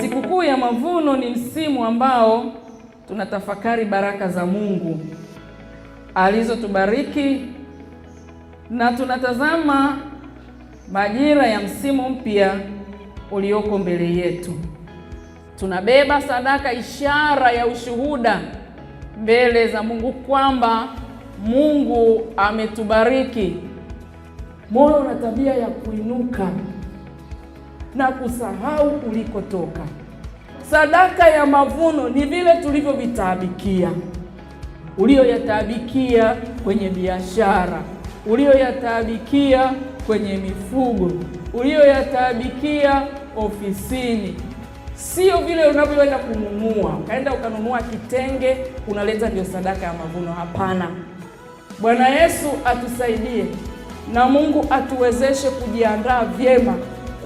Sikukuu ya mavuno ni msimu ambao tunatafakari baraka za Mungu alizotubariki na tunatazama majira ya msimu mpya ulioko mbele yetu. Tunabeba sadaka, ishara ya ushuhuda mbele za Mungu kwamba Mungu ametubariki. Moyo una tabia ya kuinuka na kusahau ulikotoka. Sadaka ya mavuno ni vile tulivyovitaabikia, uliyoyataabikia kwenye biashara, uliyoyataabikia kwenye mifugo, uliyoyataabikia ofisini Sio vile unavyoenda kununua, ukaenda ukanunua kitenge unaleta ndio sadaka ya mavuno. Hapana. Bwana Yesu atusaidie na Mungu atuwezeshe kujiandaa vyema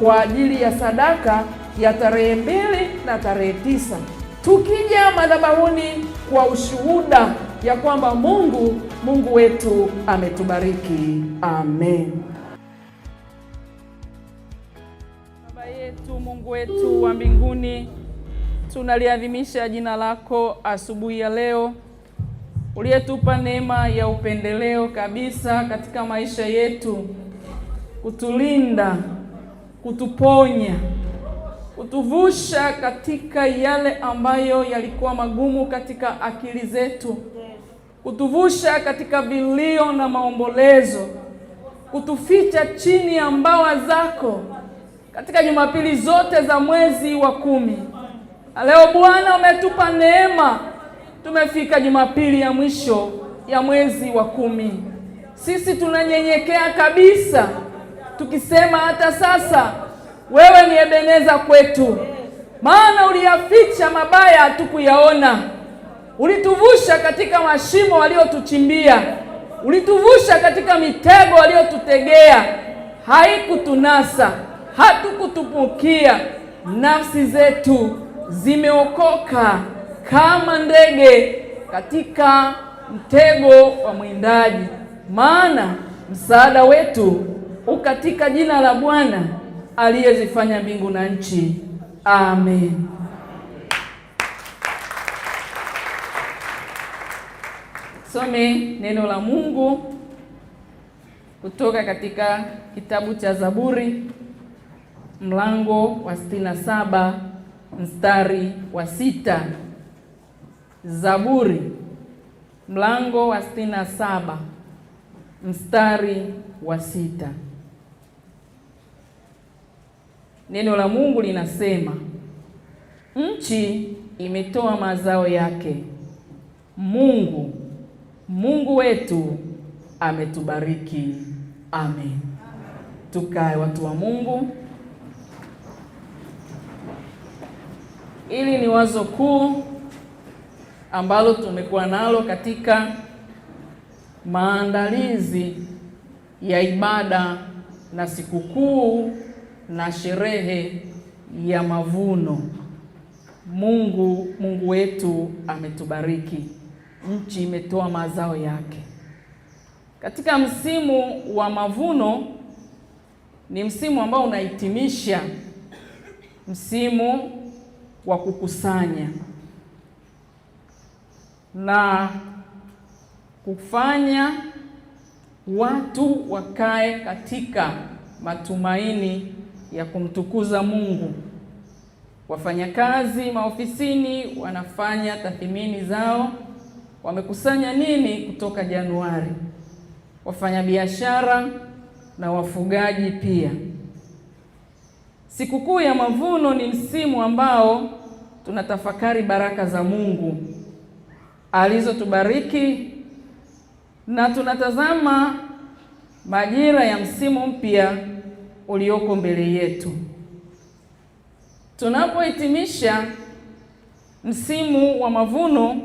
kwa ajili ya sadaka ya tarehe mbili na tarehe tisa. Tukija madhabahuni kwa ushuhuda ya kwamba Mungu Mungu wetu ametubariki. Amen. Baba yetu Mungu wetu wa mbinguni, tunaliadhimisha jina lako asubuhi ya leo, uliyetupa neema ya upendeleo kabisa katika maisha yetu, kutulinda kutuponya, kutuvusha katika yale ambayo yalikuwa magumu katika akili zetu, kutuvusha katika vilio na maombolezo, kutuficha chini ya mbawa zako katika Jumapili zote za mwezi wa kumi. Na leo Bwana umetupa neema, tumefika Jumapili ya mwisho ya mwezi wa kumi. Sisi tunanyenyekea kabisa tukisema hata sasa wewe ni Ebeneza kwetu, maana uliyaficha mabaya hatukuyaona, ulituvusha katika mashimo waliotuchimbia, ulituvusha katika mitego waliotutegea, haikutunasa hatukutupukia. Nafsi zetu zimeokoka kama ndege katika mtego wa mwindaji, maana msaada wetu ukatika jina la Bwana aliyezifanya mbingu na nchi. Amen. Some neno la Mungu kutoka katika kitabu cha Zaburi mlango wa 67 saba mstari wa sita. Zaburi mlango wa 67 saba mstari wa sita. Neno la Mungu linasema nchi imetoa mazao yake. Mungu Mungu wetu ametubariki. Amen. Tukae watu wa Mungu. Hili ni wazo kuu ambalo tumekuwa nalo katika maandalizi ya ibada na sikukuu na sherehe ya mavuno. Mungu Mungu wetu ametubariki, nchi imetoa mazao yake. Katika msimu wa mavuno, ni msimu ambao unahitimisha msimu wa kukusanya na kufanya watu wakae katika matumaini ya kumtukuza Mungu. Wafanyakazi maofisini wanafanya tathmini zao, wamekusanya nini kutoka Januari. Wafanyabiashara na wafugaji pia. Sikukuu ya mavuno ni msimu ambao tunatafakari baraka za Mungu alizotubariki na tunatazama majira ya msimu mpya ulioko mbele yetu. Tunapohitimisha msimu wa mavuno,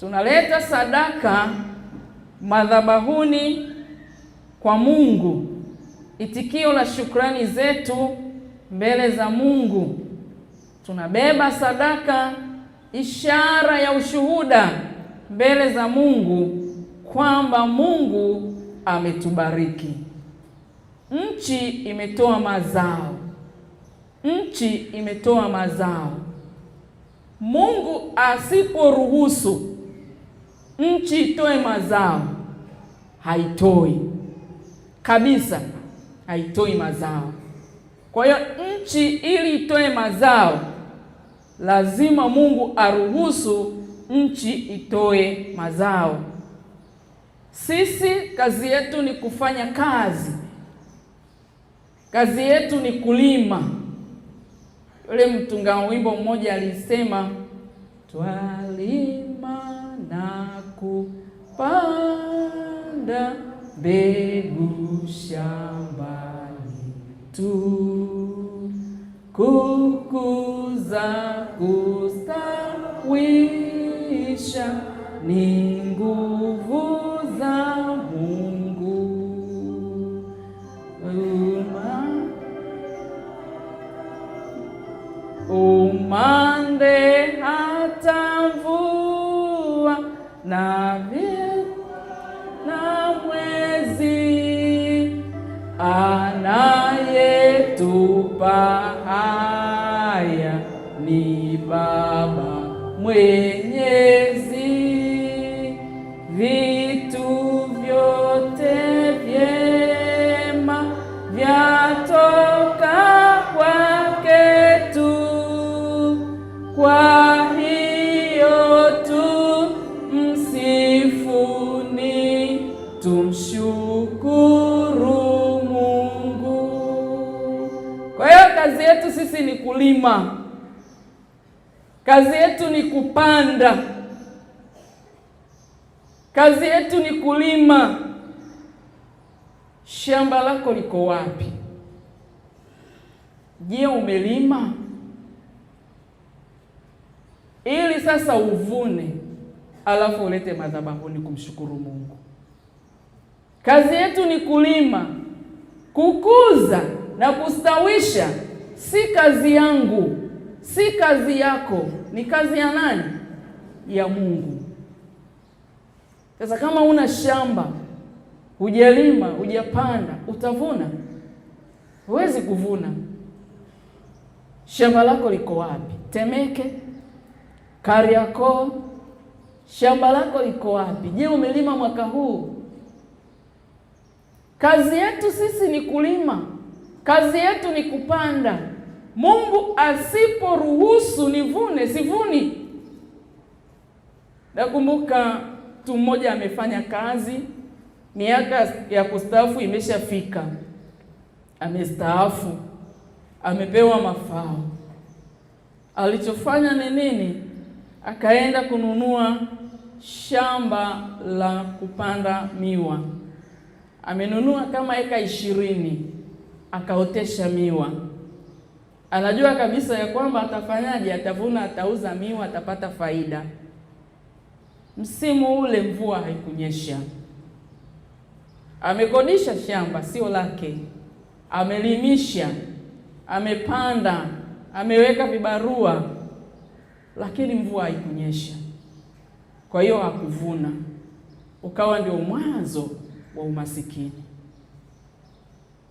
tunaleta sadaka madhabahuni kwa Mungu, itikio la shukrani zetu mbele za Mungu. Tunabeba sadaka, ishara ya ushuhuda mbele za Mungu kwamba Mungu ametubariki. Nchi imetoa mazao, nchi imetoa mazao. Mungu asiporuhusu nchi itoe mazao, haitoi kabisa, haitoi mazao. Kwa hiyo nchi ili itoe mazao, lazima Mungu aruhusu nchi itoe mazao. Sisi kazi yetu ni kufanya kazi Kazi yetu ni kulima. Yule mtunga wimbo mmoja alisema, twalima na kupanda mbegu shambani tu, kukuza kustawisha ni nguvu umande hata mvua na na mwezi anayetupa haya ni Baba mwe kulima, kazi yetu ni kupanda, kazi yetu ni kulima. Shamba lako liko wapi? Je, umelima ili sasa uvune, alafu ulete madhabahuni kumshukuru Mungu? Kazi yetu ni kulima, kukuza na kustawisha si kazi yangu, si kazi yako, ni kazi ya nani? Ya Mungu. Sasa kama una shamba hujalima, hujapanda, utavuna? Huwezi kuvuna. Shamba lako liko wapi? Temeke, Kariakoo, shamba lako liko wapi? Je, umelima mwaka huu? Kazi yetu sisi ni kulima, kazi yetu ni kupanda Mungu asiporuhusu nivune sivuni. Nakumbuka mtu mmoja amefanya kazi, miaka ya kustaafu imeshafika, amestaafu, amepewa mafao. Alichofanya ni nini? Akaenda kununua shamba la kupanda miwa, amenunua kama eka ishirini, akaotesha miwa anajua kabisa ya kwamba atafanyaje, atavuna, atauza miwa, atapata faida. Msimu ule mvua haikunyesha, amekodisha shamba, sio lake, amelimisha, amepanda, ameweka vibarua, lakini mvua haikunyesha, kwa hiyo hakuvuna, ukawa ndio mwanzo wa umasikini.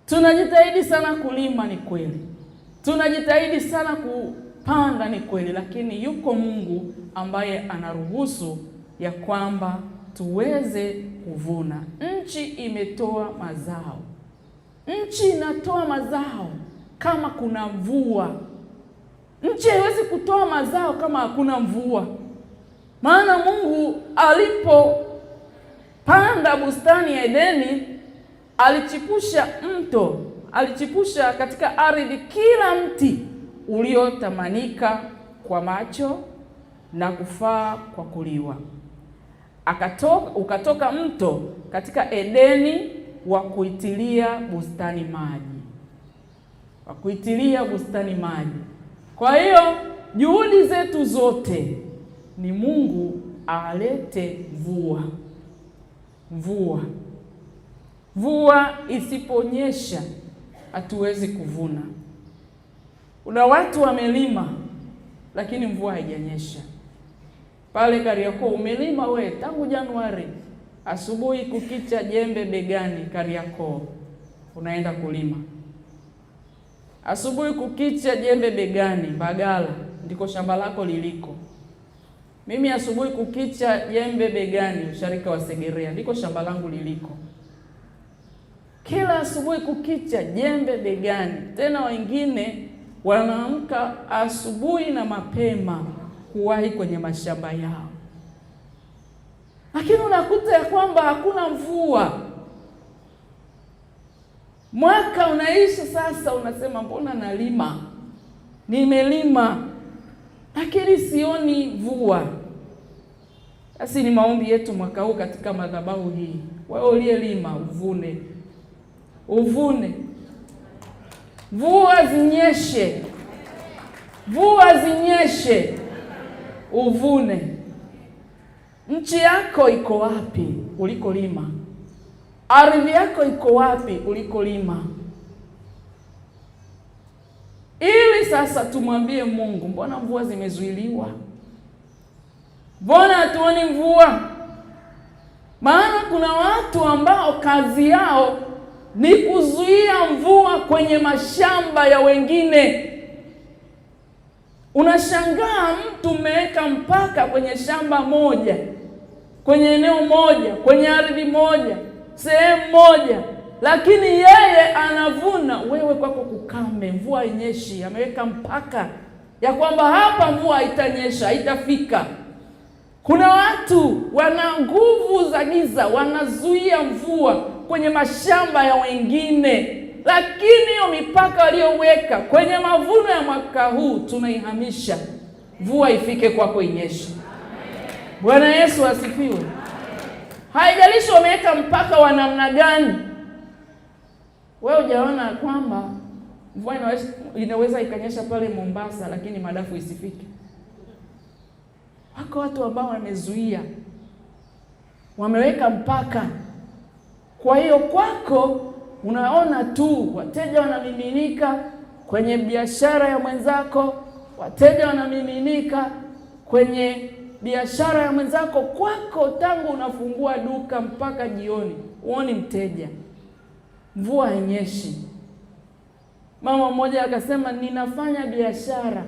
Tunajitahidi sana kulima, ni kweli Tunajitahidi sana kupanga, ni kweli, lakini yuko Mungu ambaye anaruhusu ya kwamba tuweze kuvuna. Nchi imetoa mazao, nchi inatoa mazao kama kuna mvua. Nchi haiwezi kutoa mazao kama hakuna mvua, maana Mungu alipopanda bustani ya Edeni alichipusha mto alichipusha katika ardhi kila mti uliotamanika kwa macho na kufaa kwa kuliwa. Akatoka, ukatoka mto katika Edeni wa kuitilia bustani maji, wa kuitilia bustani maji. Kwa hiyo juhudi zetu zote ni Mungu alete mvua. Mvua, mvua isiponyesha hatuwezi kuvuna. Kuna watu wamelima lakini mvua haijanyesha. Pale Kariakoo umelima we tangu Januari, asubuhi kukicha, jembe begani, Kariakoo unaenda kulima, asubuhi kukicha, jembe begani. Bagala ndiko shamba lako liliko. Mimi asubuhi kukicha, jembe begani, usharika wa Segerea, ndiko shamba langu liliko kila asubuhi kukicha, jembe begani. Tena wengine wanaamka asubuhi na mapema kuwahi kwenye mashamba yao, lakini unakuta ya kwamba hakuna mvua. Mwaka unaishi sasa, unasema mbona nalima, nimelima lakini sioni mvua. Basi ni maombi yetu mwaka huu katika madhabahu hii, wewe uliyelima uvune uvune, mvua zinyeshe, mvua zinyeshe, uvune. Nchi yako iko wapi ulikolima? Ardhi yako iko wapi ulikolima? Ili sasa tumwambie Mungu, mbona mvua zimezuiliwa? Mbona hatuoni mvua? Maana kuna watu ambao kazi yao ni kuzuia mvua kwenye mashamba ya wengine. Unashangaa mtu umeweka mpaka kwenye shamba moja, kwenye eneo moja, kwenye ardhi moja, sehemu moja, lakini yeye anavuna, wewe kwako kukame, mvua inyeshi Ameweka mpaka ya kwamba hapa mvua haitanyesha, haitafika. Kuna watu wana nguvu za giza, wanazuia mvua kwenye mashamba ya wengine, lakini hiyo mipaka waliyoweka kwenye mavuno ya mwaka huu tunaihamisha. Mvua ifike kwako, inyeshe. Bwana Yesu asifiwe. Haijalishi wameweka mpaka wa namna gani, wewe hujaona kwamba mvua inaweza ikanyesha pale Mombasa, lakini madafu isifike. Wako watu ambao wamezuia, wameweka mpaka kwa hiyo kwako unaona tu wateja wanamiminika kwenye biashara ya mwenzako, wateja wanamiminika kwenye biashara ya mwenzako. Kwako tangu unafungua duka mpaka jioni huoni mteja, mvua hainyeshi. Mama mmoja akasema, ninafanya biashara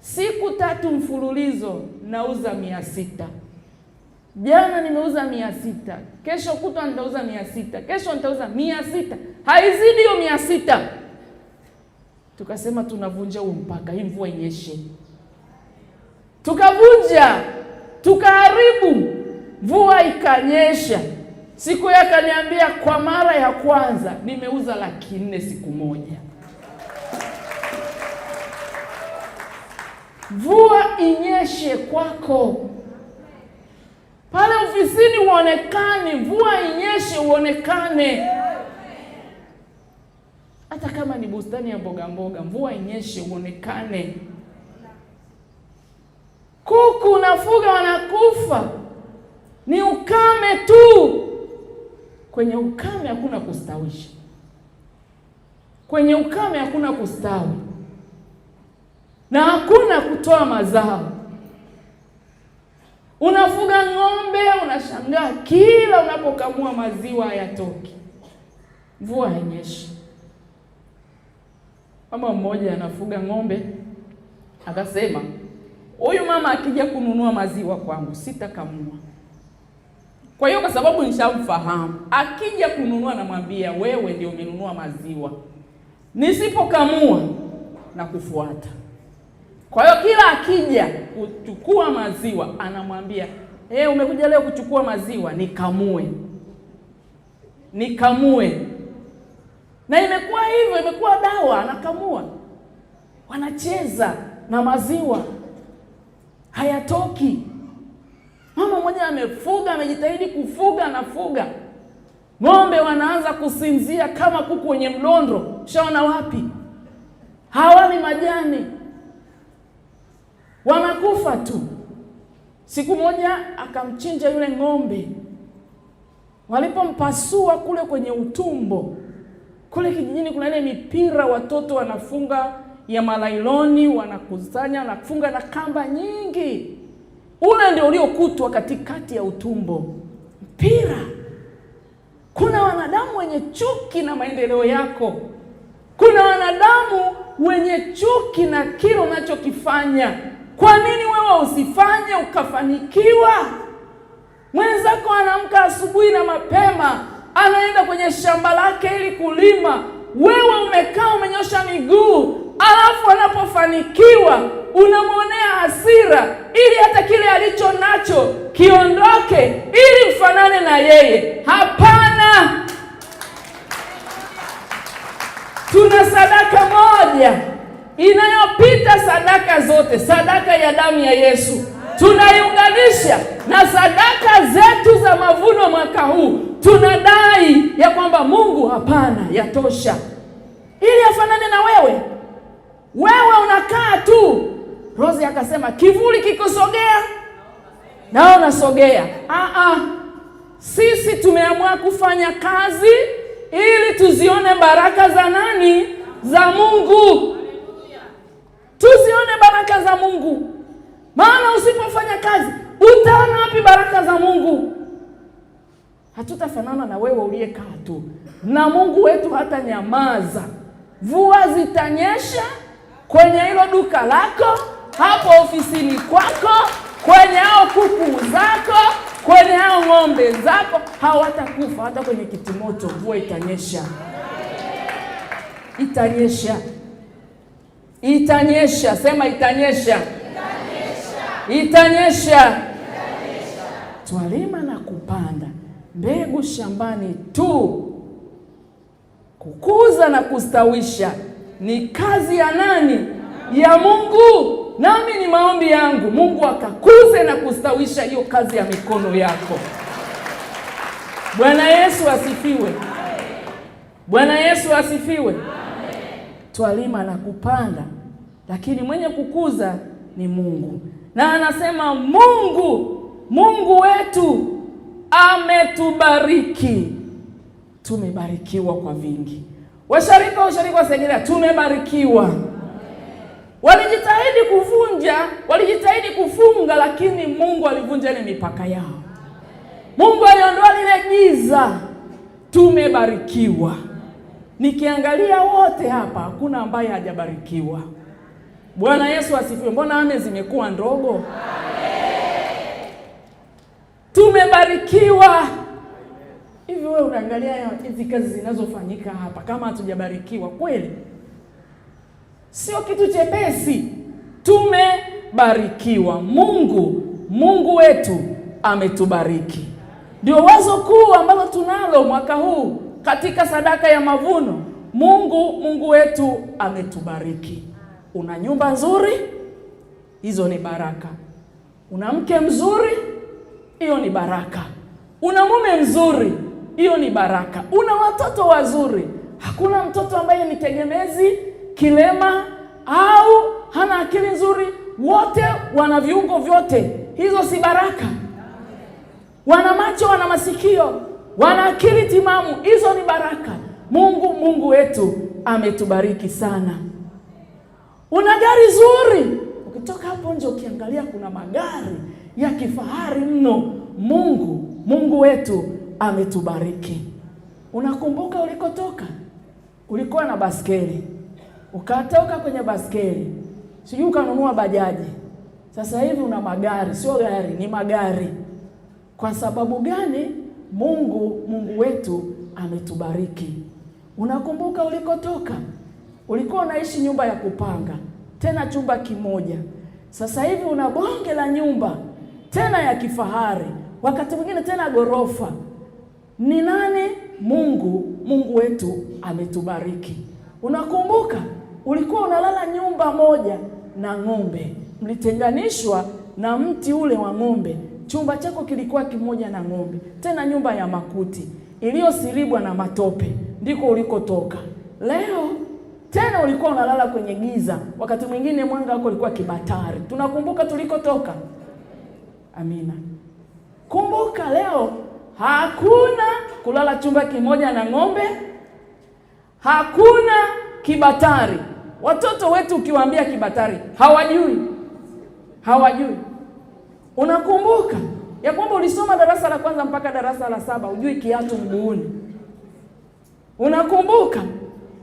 siku tatu mfululizo nauza mia sita. Jana nimeuza mia sita, kesho kutwa nitauza mia sita, kesho nitauza mia sita, haizidi hiyo mia sita. Tukasema tunavunja huo mpaka hii mvua inyeshe, tukavunja tukaharibu. Mvua ikanyesha. Siku hiyo akaniambia, kwa mara ya kwanza nimeuza laki nne siku moja. Mvua inyeshe kwako pale ofisini uonekane, mvua inyeshe uonekane. Hata kama ni bustani ya mboga mboga, mvua inyeshe uonekane. Kuku unafuga wanakufa, ni ukame tu. Kwenye ukame hakuna kustawisha, kwenye ukame hakuna kustawi na hakuna kutoa mazao. Unafuga ng'ombe, unashangaa kila unapokamua maziwa hayatoki, mvua hainyeshi. Mama mmoja anafuga ng'ombe akasema, huyu mama akija kununua maziwa kwangu sitakamua. Kwa hiyo kwa sababu nishamfahamu, akija kununua namwambia, wewe ndio umenunua maziwa, nisipokamua na kufuata kwa hiyo kila akija kuchukua maziwa anamwambia hey, eh, umekuja leo kuchukua maziwa, nikamue, nikamue. Na imekuwa hivyo, imekuwa dawa, anakamua, wanacheza na maziwa hayatoki. Mama mmoja amefuga, amejitahidi kufuga, anafuga ng'ombe, wanaanza kusinzia kama kuku wenye mdondo. Shaona wapi? Hawali majani wanakufa tu. Siku moja akamchinja yule ng'ombe, walipompasua kule kwenye utumbo kule kijijini, kuna ile mipira watoto wanafunga ya malailoni, wanakusanya wanafunga na kamba nyingi. Ule ndio uliokutwa katikati ya utumbo, mpira. Kuna wanadamu wenye chuki na maendeleo yako, kuna wanadamu wenye chuki na kile unachokifanya. Kwa nini wewe usifanye ukafanikiwa? Mwenzako anaamka asubuhi na mapema, anaenda kwenye shamba lake ili kulima, wewe umekaa umenyosha miguu, alafu anapofanikiwa unamwonea hasira ili hata kile alicho nacho kiondoke, ili mfanane na yeye. Hapana, tuna sadaka moja inayopita sadaka zote, sadaka ya damu ya Yesu tunaiunganisha na sadaka zetu za mavuno mwaka huu. Tunadai ya kwamba Mungu, hapana, yatosha, ili afanane na wewe. Wewe unakaa tu. Rose akasema kivuli kikusogea nao nasogea. Ah, ah, sisi tumeamua kufanya kazi ili tuzione baraka za nani? Za Mungu tuzione baraka za Mungu, maana usipofanya kazi utaona wapi baraka za Mungu? Hatutafanana na wewe uliyekaa tu, na Mungu wetu hata nyamaza. Mvua zitanyesha kwenye hilo duka lako, hapo ofisini kwako, kwenye hao kuku zako, kwenye hao ng'ombe zako, hawatakufa. Hata kwenye kitimoto mvua itanyesha, itanyesha. Itanyesha. Sema itanyesha, itanyesha, itanyesha. Twalima na kupanda mbegu shambani tu. Kukuza na kustawisha ni kazi ya nani? Ya Mungu. Nami ni maombi yangu, Mungu akakuze na kustawisha hiyo kazi ya mikono yako. Bwana Yesu asifiwe. Bwana Yesu asifiwe. Twalima na kupanda lakini mwenye kukuza ni Mungu, na anasema Mungu, Mungu wetu ametubariki. Tumebarikiwa kwa vingi. Washarika wa usharika wa Segerea tumebarikiwa. Walijitahidi kuvunja, walijitahidi kufunga, lakini Mungu alivunja ile mipaka yao. Mungu aliondoa lile giza. Tumebarikiwa. Nikiangalia wote hapa, hakuna ambaye hajabarikiwa. Bwana Yesu asifiwe. Mbona ame zimekuwa ndogo? Amen. Tumebarikiwa hivi. Wewe unaangalia hizi kazi zinazofanyika hapa, kama hatujabarikiwa kweli? Sio kitu chepesi. Tumebarikiwa. Mungu Mungu wetu ametubariki, ndio wazo kuu ambalo tunalo mwaka huu katika sadaka ya mavuno. Mungu Mungu wetu ametubariki. Una nyumba nzuri, hizo ni baraka. Una mke mzuri, hiyo ni baraka. Una mume mzuri, hiyo ni baraka. Una watoto wazuri, hakuna mtoto ambaye ni tegemezi, kilema au hana akili nzuri, wote wana viungo vyote, hizo si baraka. Wana macho, wana masikio, wana akili timamu, hizo ni baraka. Mungu Mungu wetu ametubariki sana una gari zuri. Ukitoka hapo nje ukiangalia, kuna magari ya kifahari mno. Mungu, Mungu wetu ametubariki. Unakumbuka ulikotoka? Ulikuwa na baskeli, ukatoka kwenye baskeli, sijui ukanunua bajaji. Sasa hivi una magari, sio gari, ni magari. Kwa sababu gani? Mungu, Mungu wetu ametubariki. Unakumbuka ulikotoka? Ulikuwa unaishi nyumba ya kupanga, tena chumba kimoja. Sasa hivi una bonge la nyumba tena ya kifahari, wakati mwingine tena ghorofa. Ni nani? Mungu. Mungu wetu ametubariki. Unakumbuka ulikuwa unalala nyumba moja na ng'ombe, mlitenganishwa na mti ule wa ng'ombe. Chumba chako kilikuwa kimoja na ng'ombe, tena nyumba ya makuti iliyosiribwa na matope, ndiko ulikotoka leo tena ulikuwa unalala kwenye giza, wakati mwingine mwanga wako ulikuwa kibatari. Tunakumbuka tulikotoka. Amina. Kumbuka leo hakuna kulala chumba kimoja na ng'ombe, hakuna kibatari. Watoto wetu ukiwaambia kibatari hawajui, hawajui. Unakumbuka ya kwamba ulisoma darasa la kwanza mpaka darasa la saba, hujui kiatu mguuni. Unakumbuka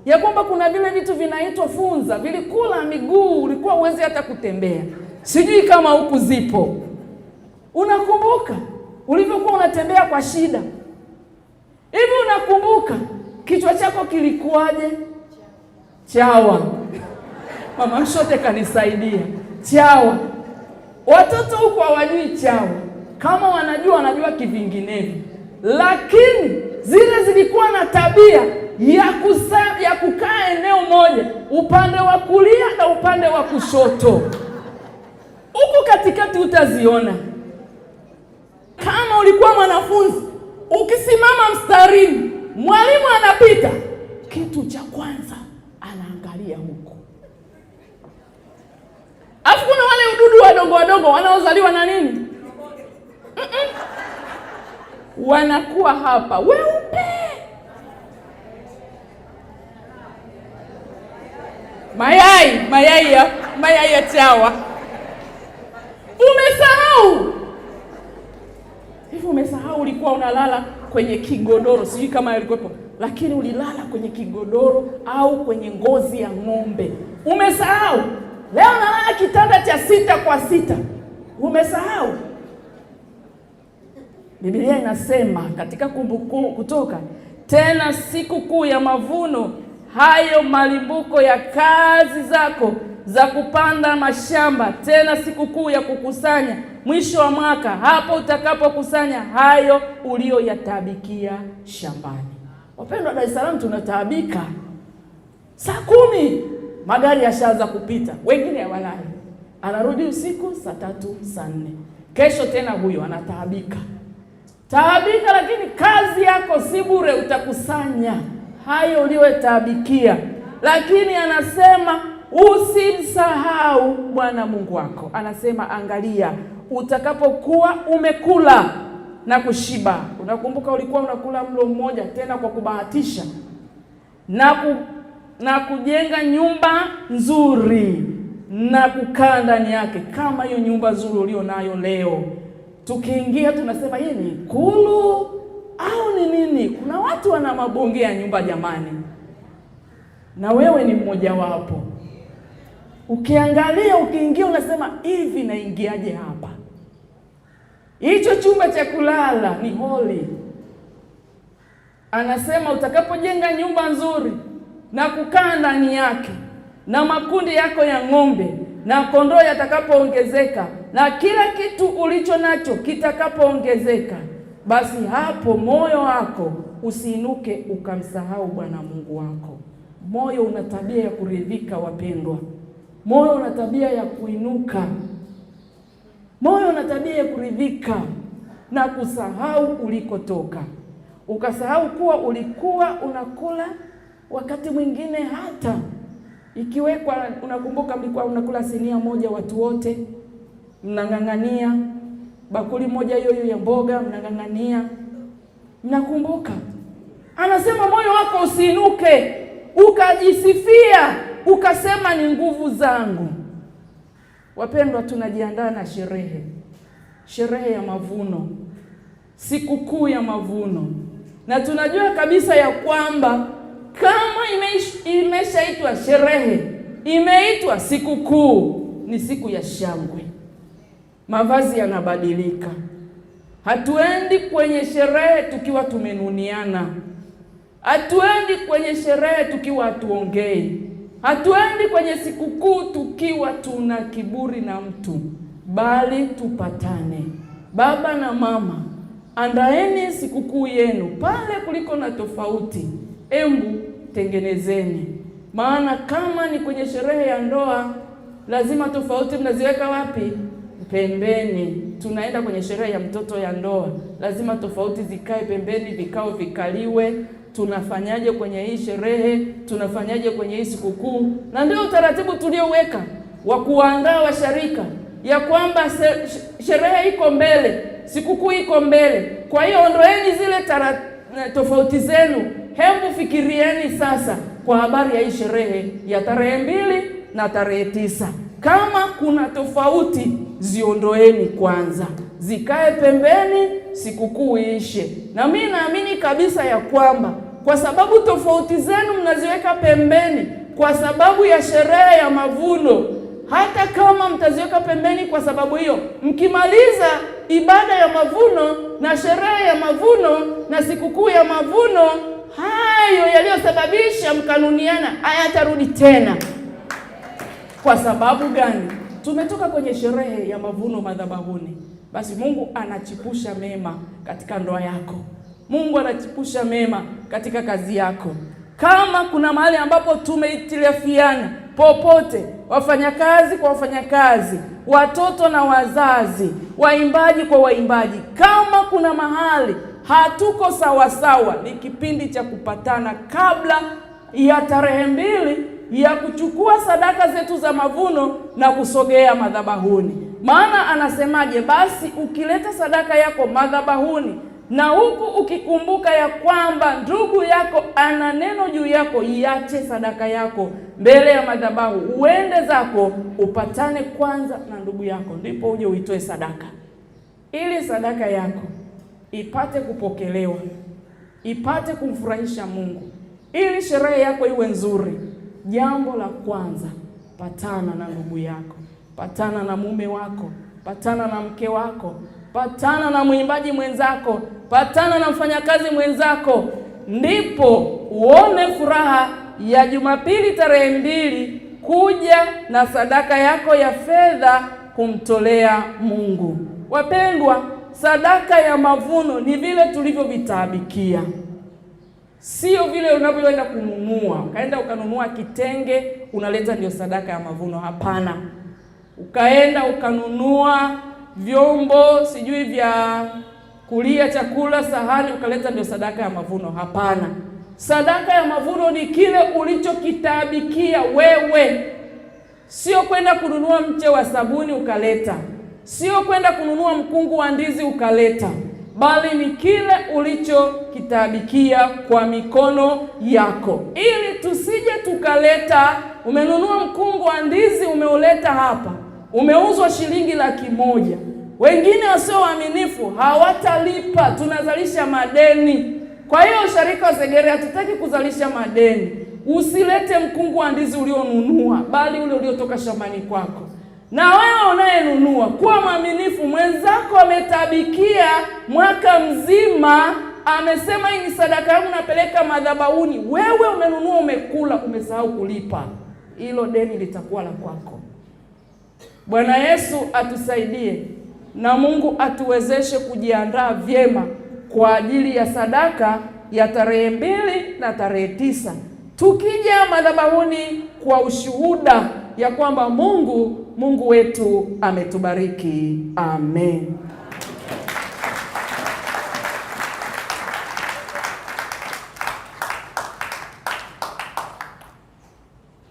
ya kwamba kuna vile vitu vinaitwa funza, vilikula miguu, ulikuwa uwezi hata kutembea. Sijui kama huku zipo, unakumbuka ulivyokuwa unatembea kwa shida? Hivi unakumbuka kichwa chako kilikuwaje? Chawa. Mama Mshote kanisaidia chawa. Watoto huku hawajui chawa, kama wanajua wanajua kivinginevyo, lakini zile zilikuwa na tabia ya kusa, ya kukaa eneo moja upande wa kulia na upande wa kushoto, huku katikati utaziona. Kama ulikuwa mwanafunzi ukisimama mstarini, mwalimu anapita, kitu cha kwanza anaangalia huko. Alafu kuna wale ududu wadogo wadogo wanaozaliwa na nini, mm -mm. wanakuwa hapa weupe mayai mayai ya mayai ya chawa. Umesahau hivi, umesahau ulikuwa unalala kwenye kigodoro, sijui kama ilikuwepo, lakini ulilala kwenye kigodoro au kwenye ngozi ya ng'ombe. Umesahau leo nalala kitanda cha sita kwa sita. Umesahau Biblia inasema katika kumbukumbu Kutoka, tena siku kuu ya mavuno hayo malimbuko ya kazi zako za kupanda mashamba, tena sikukuu ya kukusanya mwisho wa mwaka, hapo utakapokusanya hayo uliyoyatabikia shambani. Wapendwa, Dar es Salaam tunataabika. Saa kumi magari yashaanza kupita, wengine hawalali, anarudi usiku saa tatu saa nne. Kesho tena huyo anataabika taabika, lakini kazi yako si bure, utakusanya hayo uliyotabikia, lakini anasema usimsahau Bwana Mungu wako. Anasema angalia, utakapokuwa umekula na kushiba. Unakumbuka ulikuwa unakula mlo mmoja, tena kwa kubahatisha na, ku, na kujenga nyumba nzuri na kukaa ndani yake, kama hiyo nyumba nzuri ulio nayo leo. Tukiingia tunasema hii ni ikulu au ni nini? Kuna watu wana mabonge ya nyumba jamani, na wewe ni mmoja wapo. Ukiangalia, ukiingia, unasema hivi, naingiaje hapa? Hicho chumba cha kulala ni holi. Anasema utakapojenga nyumba nzuri na kukaa ndani yake na makundi yako ya ng'ombe na kondoo yatakapoongezeka na kila kitu ulicho nacho kitakapoongezeka basi hapo moyo wako usiinuke ukamsahau Bwana Mungu wako. Moyo una tabia ya kuridhika, wapendwa. Moyo una tabia ya kuinuka, moyo una tabia ya kuridhika na kusahau ulikotoka, ukasahau kuwa ulikuwa unakula, wakati mwingine hata ikiwekwa, unakumbuka mlikuwa unakula sinia moja watu wote, mnang'ang'ania bakuli moja hiyo hiyo ya mboga mnang'ang'ania, mnakumbuka. Anasema moyo wako usiinuke ukajisifia ukasema ni nguvu zangu. Wapendwa, tunajiandaa na sherehe, sherehe ya mavuno, sikukuu ya mavuno, na tunajua kabisa ya kwamba kama imeshaitwa sherehe, imeitwa sikukuu, ni siku ya shangwe mavazi yanabadilika. Hatuendi kwenye sherehe tukiwa tumenuniana, hatuendi kwenye sherehe tukiwa hatuongei, hatuendi kwenye sikukuu tukiwa tuna kiburi na mtu, bali tupatane. Baba na mama, andaeni sikukuu yenu, pale kuliko na tofauti, embu tengenezeni, maana kama ni kwenye sherehe ya ndoa, lazima tofauti mnaziweka wapi? pembeni. Tunaenda kwenye sherehe ya mtoto ya ndoa, lazima tofauti zikae pembeni, vikao vikaliwe. Tunafanyaje kwenye hii sherehe? Tunafanyaje kwenye hii sikukuu? Na ndio utaratibu tulioweka wa kuandaa washarika ya kwamba sherehe iko mbele, sikukuu iko mbele. Kwa hiyo ondoeni zile eh, tofauti zenu, hebu fikirieni sasa kwa habari ya hii sherehe ya tarehe mbili na tarehe tisa. Kama kuna tofauti ziondoeni kwanza, zikae pembeni, sikukuu iishe. Na mimi naamini kabisa ya kwamba kwa sababu tofauti zenu mnaziweka pembeni kwa sababu ya sherehe ya mavuno, hata kama mtaziweka pembeni kwa sababu hiyo, mkimaliza ibada ya mavuno na sherehe ya mavuno na sikukuu ya mavuno, hayo yaliyosababisha mkanuniana hayatarudi tena. Kwa sababu gani? Tumetoka kwenye sherehe ya mavuno madhabahuni, basi Mungu anachipusha mema katika ndoa yako. Mungu anachipusha mema katika kazi yako. Kama kuna mahali ambapo tumeitilafiana popote, wafanyakazi kwa wafanyakazi, watoto na wazazi, waimbaji kwa waimbaji, kama kuna mahali hatuko sawasawa, ni kipindi cha kupatana kabla ya tarehe mbili ya kuchukua sadaka zetu za mavuno na kusogea madhabahuni. Maana anasemaje? Basi ukileta sadaka yako madhabahuni na huku ukikumbuka ya kwamba ndugu yako ana neno juu yako, iache sadaka yako mbele ya madhabahu, uende zako, upatane kwanza na ndugu yako, ndipo uje uitoe sadaka, ili sadaka yako ipate kupokelewa, ipate kumfurahisha Mungu, ili sherehe yako iwe nzuri jambo la kwanza, patana na ndugu yako, patana na mume wako, patana na mke wako, patana na mwimbaji mwenzako, patana na mfanyakazi mwenzako, ndipo uone furaha ya Jumapili tarehe mbili kuja na sadaka yako ya fedha kumtolea Mungu. Wapendwa, sadaka ya mavuno ni vile tulivyovitaabikia. Sio vile unavyoenda kununua, ukaenda ukanunua kitenge unaleta ndio sadaka ya mavuno. Hapana, ukaenda ukanunua vyombo sijui vya kulia chakula, sahani, ukaleta ndio sadaka ya mavuno. Hapana, sadaka ya mavuno ni kile ulichokitabikia wewe, sio kwenda kununua mche wa sabuni ukaleta, sio kwenda kununua mkungu wa ndizi ukaleta bali ni kile ulichokitabikia kwa mikono yako, ili tusije tukaleta. Umenunua mkungu wa ndizi, umeuleta hapa, umeuzwa shilingi laki moja. Wengine wasio waaminifu hawatalipa, tunazalisha madeni. Kwa hiyo usharika wa Zegere hatutaki kuzalisha madeni. Usilete mkungu wa ndizi ulionunua, bali ule uliotoka shambani kwako. Na wewe unayenunua kuwa mwaminifu. Mwenzako ametabikia mwaka mzima, amesema hii ni sadaka yangu, napeleka madhabahuni. Wewe umenunua, umekula, umesahau kulipa, hilo deni litakuwa la kwako. Bwana Yesu atusaidie na Mungu atuwezeshe kujiandaa vyema kwa ajili ya sadaka ya tarehe mbili na tarehe tisa tukija madhabahuni kwa ushuhuda ya kwamba Mungu Mungu wetu ametubariki. Amen.